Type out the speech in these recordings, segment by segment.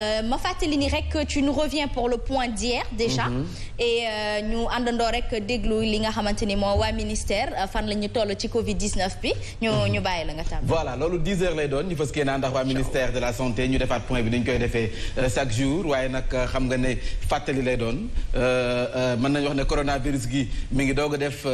Euh, ma fàttali ni rek tu nous reviens pour le point d'hier déjà e ñu àndandoo rek déglu li nga xamante ni moo waa ministère euh, fan la ñu toll ci Covid 19 bi ñu mhm. ñu bàyyi la nga tàmm voilà loolu 10 heures lay doon ñu fas kee naa ndax waa ministère de la santé ñu defaat point bi dañ koy defee chaque jour waaye nag xam nga ne fàttali lay doon mën nañu wax ne coronavirus gi mi ngi doog a def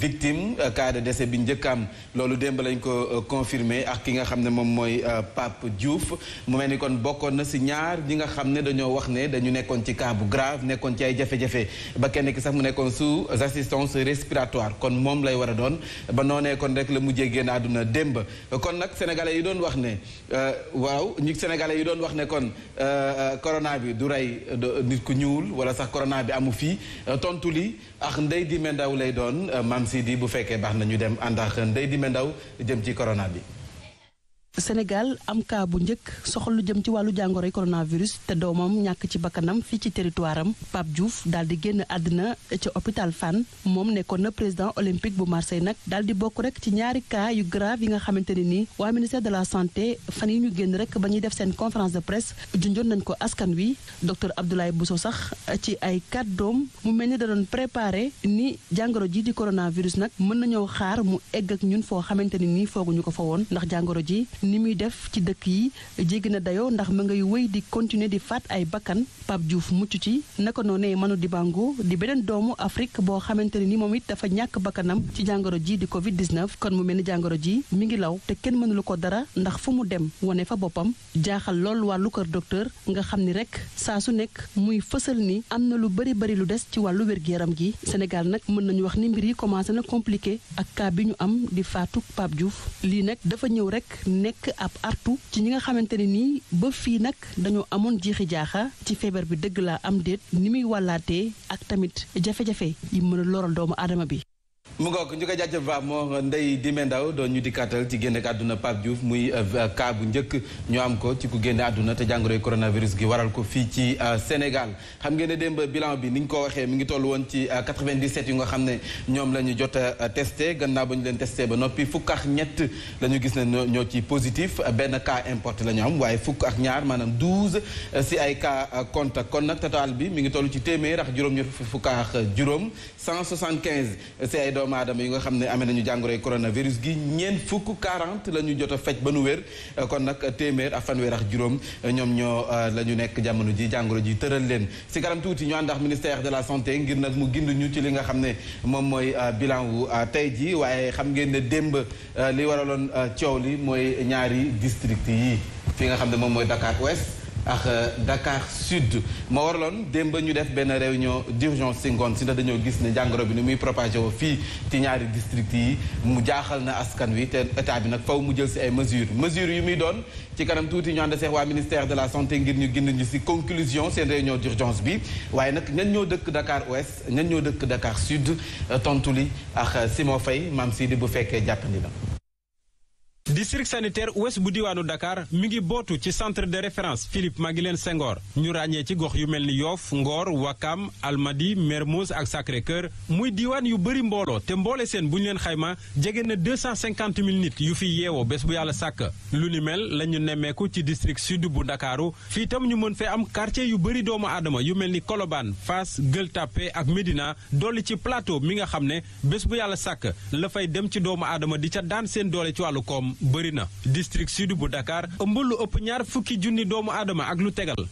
victime cas de décès bi njëkkaam loolu démb lañ ko confirmé ak ki nga xam ne moom mooy Pape Diouf mu mel ni kon bokkoon na si ñaar ñaar ñi nga xam ne dañoo wax ne dañu nekkoon ci kaabu bu grave nekkoon ci ay jafe-jafe ba kenn ki sax mu nekkoon sous assistance respiratoire kon moom lay war a doon ba noonee kon rek la mujjee génn àdduna démb kon nag sénégalais yi doon wax ne euh, waaw ñu sénégalais yi doon wax ne kon euh, euh, corona bi du rey nit ku ñuul wala sax corona bi amu fii tontu li ak ndey di mendaw lay doon maam si di bu fekkee baax na ñu dem ànd ak ndey di ndaw jëm ci corona bi Sénégal am cas bu njëkk soxal lu jëm ci wàllu jàngoro jàngoroy coronavirus te doomam ñàkk ci bakkanam fii ci territoire am Pape Diouf daal di génn àdduna ci hôpital Fann moom nekkoon na président olympique bu Marseille nag daal di bokk rek ci ñaari cas yu grave yi nga xamante ne nii waa ministère de la santé fan yi ñu génn rek ba ñuy def seen conférence de presse junjoon nañ ko askan wi docteur Abdoulaye Bousso sax ci ay doom mu mel ni da doon préparé ni jàngoro ji di coronavirus nag mën nañoo xaar mu egg ak ñun foo xamante ne nii fooguñu ko fa woon ndax jàngoro ni muy def ci dëkk yi jéggi na dayoo ndax ma ngay wéy di continuer di faat ay bakkan Pape Diouf mucc ci naka noonee Manu Dibango di beneen doomu Afrique boo xamante ne ni moom it dafa ñàkk bakkanam ci jàngoro ji di Covid 19 kon mu mel ni jàngoro ji mi ngi law te kenn mënulu ko dara ndax fu mu dem wane fa boppam jaaxal lool wàllu kër docteur nga xam ni rek saa su nekk muy fësal ni am na lu bëri bëri lu des ci wàllu wér-gu-yaram gi Sénégal nag mën nañu wax ni mbir yi commencé na compliqué ak cas bi ñu am di faatu Pape Diouf lii nag dafa ñëw rek nekk ab artu ci ñi nga xamante ne nii ba fii nag dañoo amoon jiixi jaaxa ci feebar bi dëgg laa am déet ni muy wàllaatee ak tamit jafe-jafe yi mën a loral doomu aadama bi mu ngoog ñu koy jaajëf ba moo Ndeye Dime Ndaw doon ñu di dikkaatal ci génn àdduna Pape Diouf muy euh, cas bu njëkk ñu am ko ci ku génn àdduna te jàngoroy coronavirus gi waral ko fii ci euh, Sénégal xam ngeen ne démb bilan bi ni ñu ko waxee mi ngi toll woon ci 97 euh, yu nga xam ne ñoom la ñu jot a testé gannaaw ba ñu leen testé ba noppi fukk ak ñett la ñu gis ne ñoo ci positif benn cas importé lañu am waaye fukk ak ñaar maanaam 12 si ay cas contact kon nag total bi mi ngi toll ci téeméer ak juróom fukk ak juróom 175 si ay doom doomu aadama yi nga xam ne amee nañu jàngoroy coronavirus gi ñeent fukk 40 la ñu jot a faj ba nu wér kon nag téeméer ak fanweer juróom ñoom ñoo la ñu nekk jamono ji jàngoro ji tëral leen si kanam tuuti ñu ànd ak ministère de la santé ngir nag mu gind ñu ci li nga xam ne moom mooy euh, bilan wu euh, tey ji waaye xam ngeen ne démb euh, li waraloon coow li mooy ñaari district yi fi nga xam ne moom mooy Dakar Ouest ak euh, Dakar Sud moo waraloon démb ñu def benn réunion d'urgence si ngoon si ndax dañoo gis ne jàngoro bi ni muy propagé woo fii ci ñaari district yi mu jaaxal na askan wi te état bi nag faw mu jël si ay mesures mesures yu muy doon ci kanam tuuti ñu ànd seex waa ministère de la santé ngir ñu génn ñu si conclusion seen réunion d'urgence bi waaye nag ñan ñoo dëkk Dakar Ouest ñan ñoo dëkk Dakar Sud euh, tontu li ak moo Faye maam si di bu fekkee jàppandi la district sanitaire ouest bu diwaanu dakaar mi ngi bootu ci centre de référence Philippe leen Senghor ñu ràññee ci gox yu mel ni Yoff Ngor Wakam Almadi Mermoz ak sacré kër muy diwaan yu bëri mbooloo te mboole seen bu ñu leen xayma jege na 250 000 nit yu fi yeewoo bés bu yàlla sàkk lu ni mel la ñu nemmeeku ci district sud bu Ndakaaru fii tam ñu mën fee am quartier yu bëri doomu aadama yu mel ni kolobaan Fass Gueule Tapée ak Médina dolli ci plateau mi nga xam ne bés bu yàlla sàkk la fay dem ci doomu aadama di ca daan seen doole ci wàllu koom bëri na district sud bu Dakar ëmb lu ëpp ñaar fukki junni doomu aadama ak lu tegal